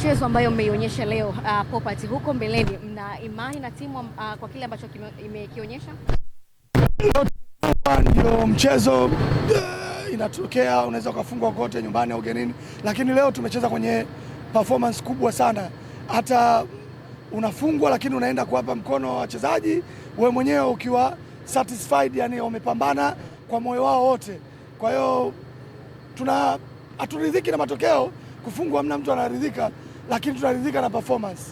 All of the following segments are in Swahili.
michezo ambayo mmeionyesha leo uh, Popat, huko mbeleni mna imani na timu uh, kwa kile ambacho imekionyesha? Ndio mchezo uh, inatokea, unaweza ukafungwa kote nyumbani au ugenini, lakini leo tumecheza kwenye performance kubwa sana, hata unafungwa lakini unaenda kuwapa mkono wachezaji, we mwenyewe ukiwa satisfied, yani wamepambana kwa moyo wao wote. Kwa hiyo tuna haturidhiki na matokeo, kufungwa, hamna mtu anaridhika, lakini tunaridhika na performance.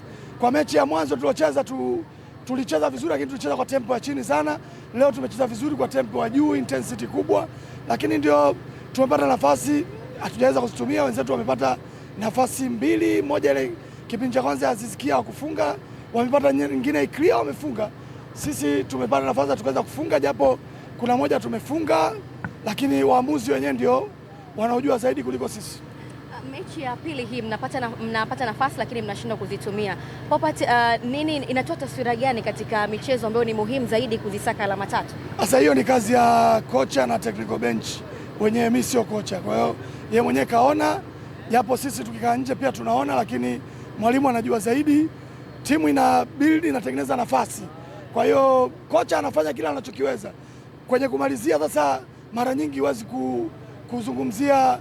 Kwa mechi ya mwanzo tuliocheza tu, tulicheza vizuri lakini tulicheza kwa tempo ya chini sana. Leo tumecheza vizuri kwa tempo ya juu, intensity kubwa, lakini ndio tumepata nafasi hatujaweza kuzitumia. Wenzetu wamepata nafasi mbili, moja ile kipindi cha kwanza azisikia kufunga, wamepata nyingine clear, wamefunga. Sisi tumepata nafasi tukaweza kufunga, japo kuna moja tumefunga, lakini waamuzi wenyewe ndio wanaojua zaidi kuliko sisi mechi ya pili hii mnapata, na, mnapata nafasi lakini mnashindwa kuzitumia. Popat, uh, nini inatoa taswira gani katika michezo ambayo ni muhimu zaidi kuzisaka alama tatu? Sasa hiyo ni kazi ya kocha na technical bench wenyewe, mimi sio kocha. Kwa hiyo yeye mwenyewe kaona, japo sisi tukikaa nje pia tunaona, lakini mwalimu anajua zaidi. Timu ina build inatengeneza nafasi, kwa hiyo kocha anafanya kila anachokiweza kwenye kumalizia. Sasa mara nyingi huwezi kuzungumzia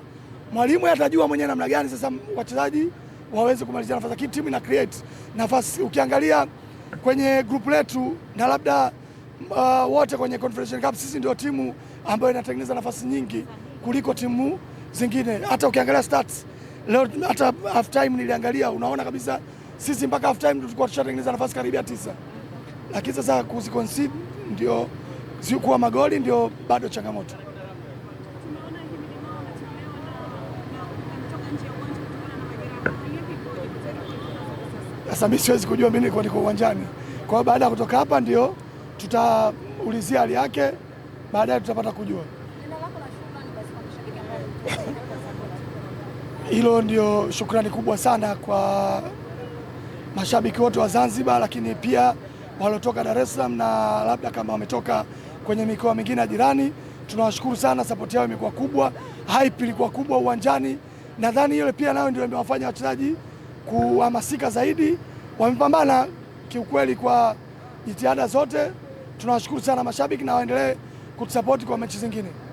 mwalimu atajua mwenyewe namna gani sasa wachezaji waweze kumalizia nafasi, lakini timu ina create nafasi. Ukiangalia kwenye group letu na labda uh, wote kwenye Confederation Cup, sisi ndio timu ambayo inatengeneza nafasi nyingi kuliko timu zingine. Hata ukiangalia stats leo, hata half time niliangalia, unaona kabisa sisi mpaka half time tulikuwa tushatengeneza nafasi karibia tisa, lakini sasa kuzi kuziconcede ndio zikuwa magoli ndio bado changamoto. Sasa mimi siwezi kujua, mimi niko niko uwanjani. Kwa hiyo baada ya kutoka hapa ndio tutaulizia hali yake, baadaye tutapata kujua hilo. Ndio shukrani kubwa sana kwa mashabiki wote wa Zanzibar, lakini pia waliotoka Dar es Salaam na labda kama wametoka kwenye mikoa mingine ya jirani, tunawashukuru sana. Sapoti yao imekuwa kubwa, hype ilikuwa kubwa uwanjani. Nadhani ile pia nayo ndio imewafanya wachezaji kuhamasika zaidi. Wamepambana kiukweli kwa jitihada zote. Tunawashukuru sana mashabiki na waendelee kutusapoti kwa mechi zingine.